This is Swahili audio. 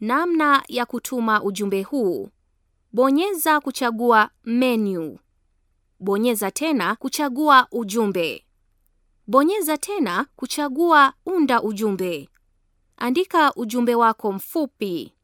Namna ya kutuma ujumbe huu: bonyeza kuchagua menu, bonyeza tena kuchagua ujumbe, bonyeza tena kuchagua unda ujumbe. Andika ujumbe wako mfupi.